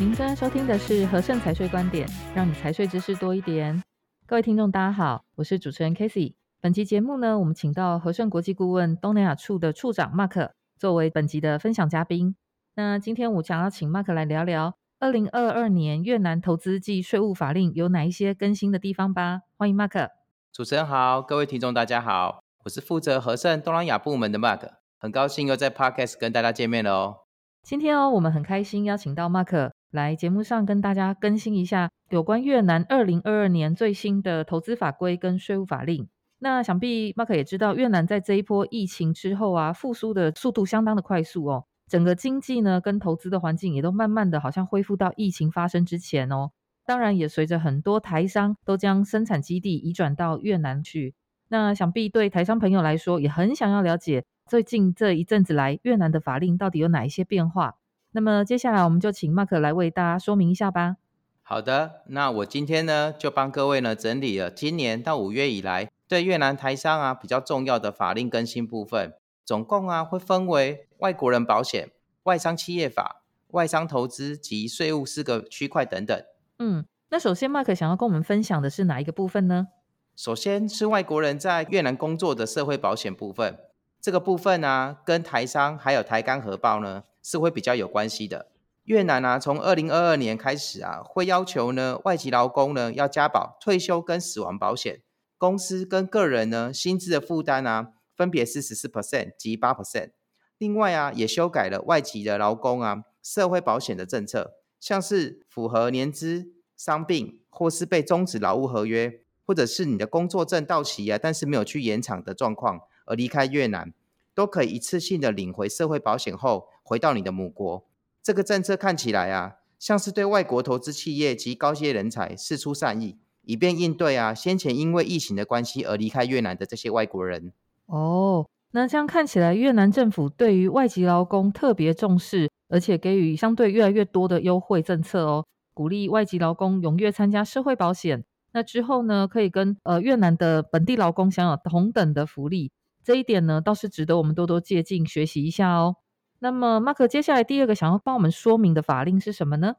您正在收聽的是荷盛財稅觀點，讓你財稅知識多一點。各位聽眾，大家好，我是主持人 Casey。本期節目呢，我們請到荷盛國際顧問東南亞處的處長 Mark 作為本集的分享嘉賓。那今天我想要請 Mark 來聊聊2022年越南投資暨稅務法令有哪一些更新的地方吧。歡迎 Mark。主持人好，各位聽眾大家好，我是負責荷盛東南亞部門的 Mark，很高興又在 Podcast 跟大家見面了哦。今天哦，我們很開心邀請到 Mark。來節目上跟大家更新一下有關越南二零二二年最新的投資法規跟稅務法令。那想必 Mark 也知道，越南在這一波疫情之後啊，復甦的速度相當的快速哦。整個經濟呢，跟投資的環境也都慢慢的好像恢復到疫情發生之前哦。當然，也隨着很多台商都將生產基地移轉到越南去。那想必對台商朋友來說，也很想要了解最近這一陣子來越南的法令到底有哪一些變化。那麼接下來我們就請 Mark 來為大家說明一下吧。好的，那我今天呢就幫各位呢整理了今年到五月以來對越南台商啊比較重要的法令更新部分，總共啊會分為外國人保險、外商企業法、外商投資及稅務四個區塊等等。嗯，那首先 Mark 想要跟我們分享的是哪一個部分呢？首先是外國人在越南工作的社會保險部分，這個部分啊跟台商還有台幹合報呢。是會比較有關係的。越南啊，從二零二二年開始啊，會要求呢外籍勞工呢要加保退休跟死亡保險，公司跟個人呢薪資的負擔啊，分別是十四%及八%。另外啊，也修改了外籍的勞工啊社會保險的政策，像是符合年資、傷病或是被終止勞務合約，或者是你的工作證到期啊，但是沒有去延長的狀況而離開越南，都可以一次性的領回社會保險後，回到你的母國。這個政策看起來啊，像是對外國投資企業及高階人才釋出善意，以便應對啊先前因為疫情的關係而離開越南的這些外國人。哦，那這樣看起來，越南政府對於外籍勞工特別重視，而且給予相對越來越多的優惠政策哦，鼓勵外籍勞工踴躍參加社會保險。那之後呢，可以跟呃越南的本地勞工享有同等的福利。這一點呢，倒是值得我們多多借鑑學習一下哦。那麼，Mark，接下來第二個想要幫我們說明的法令是什麼呢？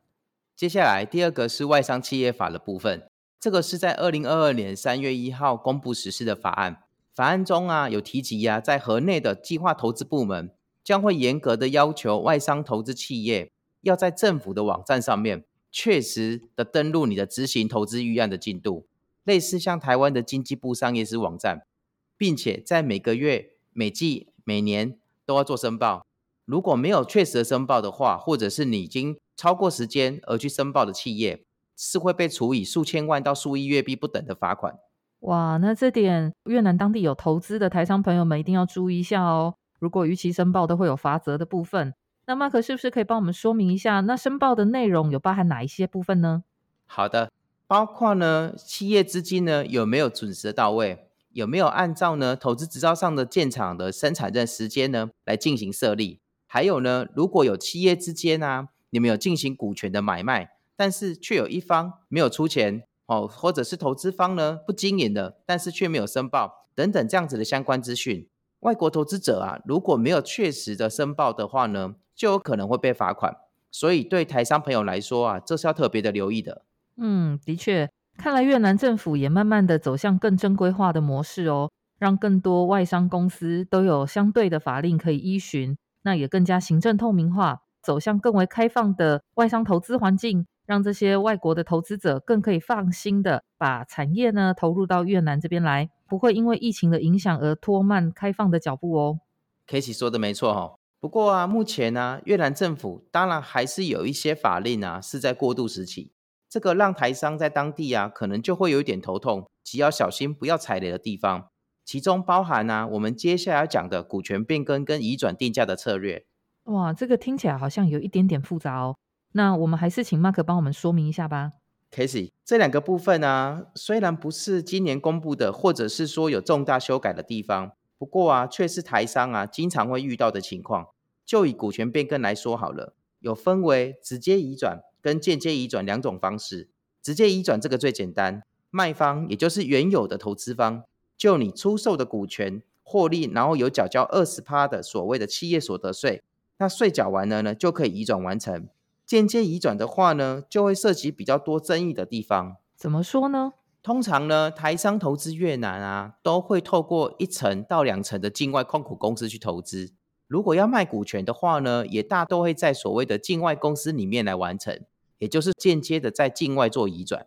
接下來第二個是外商企業法的部分，這個是在二零二二年三月一號公布實施的法案。法案中啊，有提及呀、啊，在河內的計劃投資部門將會嚴格的要求外商投資企業要在政府的網站上面確實的登錄你的執行投資預案的進度，類似像台灣的經濟部商業司網站，並且在每個月、每季、每年都要做申報。如果沒有確實申報的話，或者是你已經超過時間而去申報的企業，是會被處以數千萬到數億越幣不等的罰款。哇，那這點越南當地有投資的台商朋友們一定要注意一下哦。如果逾期申報，都會有罰則的部分。那馬克是不是可以幫我們說明一下？那申報的內容有包含哪一些部分呢？好的，包括呢，企業資金呢有沒有準時到位？有沒有按照呢投資執照上的建廠的生產的時間呢來進行設立？還有呢，如果有企業之間啊，你們有進行股權的買賣，但是卻有一方沒有出錢哦，或者是投資方呢不經營的，但是卻沒有申報等等這樣子的相關資訊，外國投資者啊，如果沒有確實的申報的話呢，就有可能會被罰款。所以對台商朋友來說啊，這是要特別的留意的。嗯，的確，看來越南政府也慢慢的走向更正規化的模式哦，讓更多外商公司都有相對的法令可以依循。那也更加行政透明化，走向更為開放的外商投資環境，讓這些外國的投資者更可以放心的把產業呢投入到越南這邊來，不會因為疫情的影響而拖慢開放的腳步哦。Katie 說的沒錯哈、哦，不過啊，目前呢、啊，越南政府當然還是有一些法令啊是在過渡時期，這個讓台商在當地啊可能就會有一點頭痛，只要小心不要踩雷的地方。其中包含呢、啊，我們接下來講的股權變更跟移轉定價的策略。哇，這個聽起來好像有一點點複雜哦。那我們還是請 Mark 幫我們說明一下吧。Casey，這兩個部分啊，雖然不是今年公布的，或者是說有重大修改的地方，不過啊，卻是台商啊，經常會遇到的情況。就以股權變更來說好了，有分為直接移轉跟間接移轉兩種方式。直接移轉這個最簡單，賣方，也就是原有的投資方。就你出售的股權獲利，然後有繳交二十趴的所謂的企業所得稅，那稅繳完了呢，就可以移轉完成。間接移轉的話呢，就會涉及比較多爭議的地方。怎麼說呢？通常呢，台商投資越南啊，都會透過一層到兩層的境外控股公司去投資。如果要賣股權的話呢，也大多會在所謂的境外公司裡面來完成，也就是間接的在境外做移轉。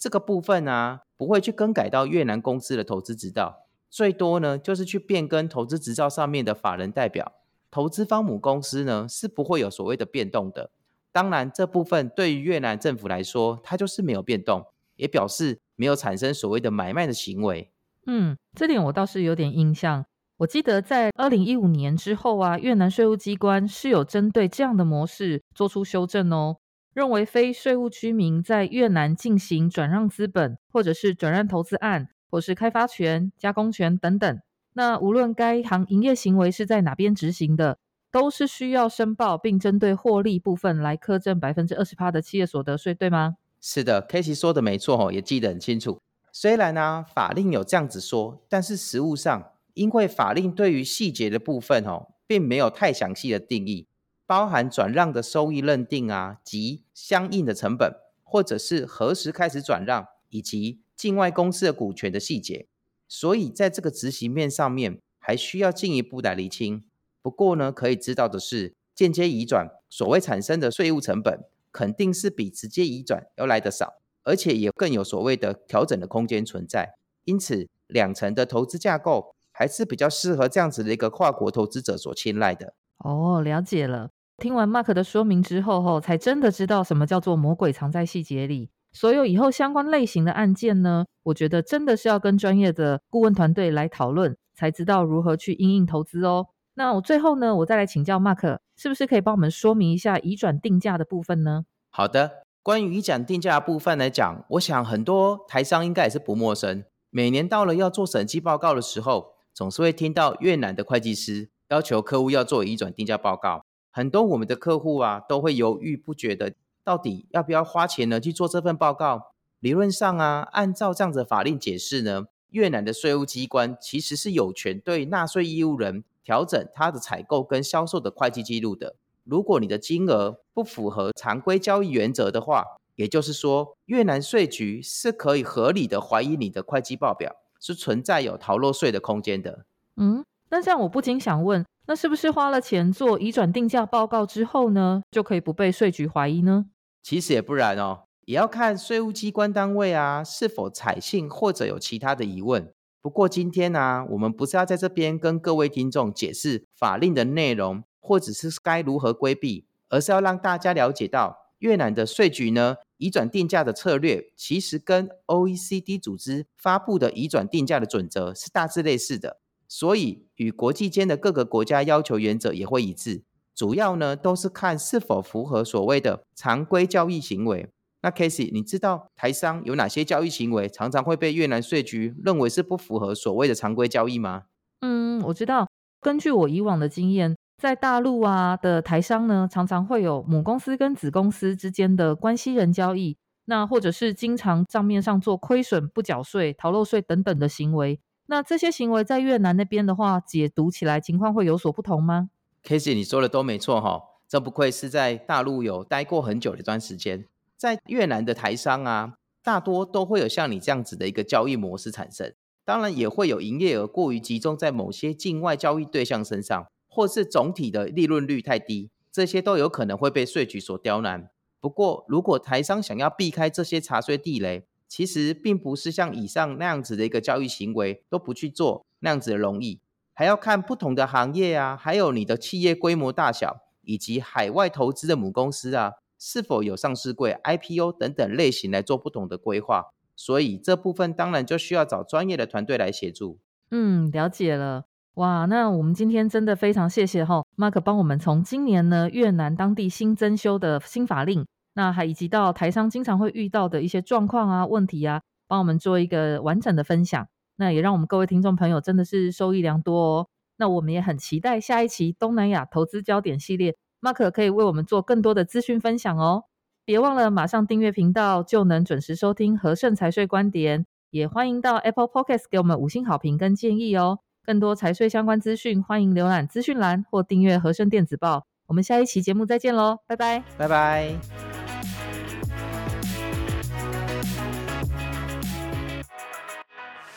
這個部分啊，不會去更改到越南公司的投資執照，最多呢就是去變更投資執照上面的法人代表。投資方母公司呢是不會有所謂的變動的。當然，這部分對於越南政府來說，它就是沒有變動，也表示沒有產生所謂的買賣的行為。嗯，這點我倒是有點印象。我記得在二零一五年之後啊，越南稅務機關是有針對這樣的模式做出修正哦。認為非稅務居民在越南進行轉讓資本，或者是轉讓投資案，或是開發權、加工權等等，那無論該行營業行為是在哪邊執行的，都是需要申報，並針對獲利部分來課徵百分之二十八的企業所得稅，對嗎？是的，Casey 說的沒錯，也記得很清楚。雖然呢、啊、法令有這樣子說，但是實務上，因為法令對於細節的部分哦，並沒有太詳細的定義。包含轉讓的收益認定啊及相應的成本，或者是何時開始轉讓，以及境外公司的股權的細節。所以在這個執行面上面，還需要進一步的釐清。不過呢，可以知道的是，間接移轉所謂產生的稅務成本，肯定是比直接移轉要來得少，而且也更有所謂的調整的空間存在。因此，兩層的投資架構還是比較適合這樣子的一個跨國投資者所青睞的。哦，了解了。我聽完 Mark 的說明之後，哦，才真的知道什麼叫做魔鬼藏在細節裡。所有以後相關類型的案件呢，我覺得真的是要跟專業的顧問團隊來討論，才知道如何去因應投資哦。那我最後呢，我再來請教 Mark，是不是可以幫我們說明一下移轉定價的部分呢？好的，關於移轉定價的部分來講，我想很多台商應該也是不陌生。每年到了要做審計報告的時候，總是會聽到越南的會計師要求客戶要做移轉定價報告。很多我們的客戶啊，都會猶豫不決的，到底要不要花錢呢去做這份報告？理論上啊，按照這樣的法令解釋呢，越南的稅務機關其實是有權對納稅義務人調整他的採購跟銷售的會計記錄的。如果你的金額不符合常規交易原則的話，也就是說，越南稅局是可以合理的懷疑你的會計報表是存在有逃漏稅的空間的。嗯。那這樣我不禁想問，那是不是花了錢做移轉定價報告之後呢，就可以不被稅局懷疑呢？其實也不然哦，也要看稅務機關單位啊是否採信或者有其他的疑問。不過今天呢，啊，我們不是要在這邊跟各位聽眾解釋法令的內容或者是該如何規避，而是要讓大家了解到越南的稅局呢，移轉定價的策略，其實跟 OECD 組織發布的移轉定價的準則是大致類似的。所以，與國際間的各個國家要求原則也會一致。主要呢，都是看是否符合所謂的常規交易行為。那 Casey，你知道台商有哪些交易行為常常會被越南稅局認為是不符合所謂的常規交易嗎？嗯，我知道。根據我以往的經驗，在大陸啊的台商呢，常常會有母公司跟子公司之間的關係人交易，那或者是經常賬面上做虧損不繳稅、逃漏稅等等的行為。那這些行為在越南那邊的話，解讀起來情況會有所不同嗎？k c y 你說的都沒錯哈、哦，這不愧是在大陸有待過很久的一段時間，在越南的台商啊，大多都會有像你這樣子的一個交易模式產生。當然，也會有營業額過於集中在某些境外交易對象身上，或是總體的利潤率太低，這些都有可能會被稅局所刁難。不過，如果台商想要避開這些查稅地雷，其實並不是像以上那樣子的一個交易行為，都不去做那樣子的容易，還要看不同的行業啊，還有你的企業規模大小，以及海外投資的母公司啊，是否有上市櫃 IPO 等等類型來做不同的規劃。所以這部分當然就需要找專業的團隊來協助。嗯，了解了。哇，那我們今天真的非常謝謝哈，Mark 幫我們從今年呢越南當地新增修的新法令。那還以及到台商經常會遇到的一些狀況啊、問題啊，幫我們做一個完整的分享。那也讓我們各位聽眾朋友真的是受益良多哦。那我們也很期待下一期東南亞投資焦點系列，Mark 可，可以為我們做更多的資訊分享哦。別忘了馬上訂閱頻道，就能準時收聽荷盛財稅觀點。也歡迎到 Apple Podcast 給我們五星好評跟建議哦。更多財稅相關資訊，歡迎瀏覽資訊欄或訂閱荷盛電子報。我們下一期節目再見嘍，拜拜，拜拜。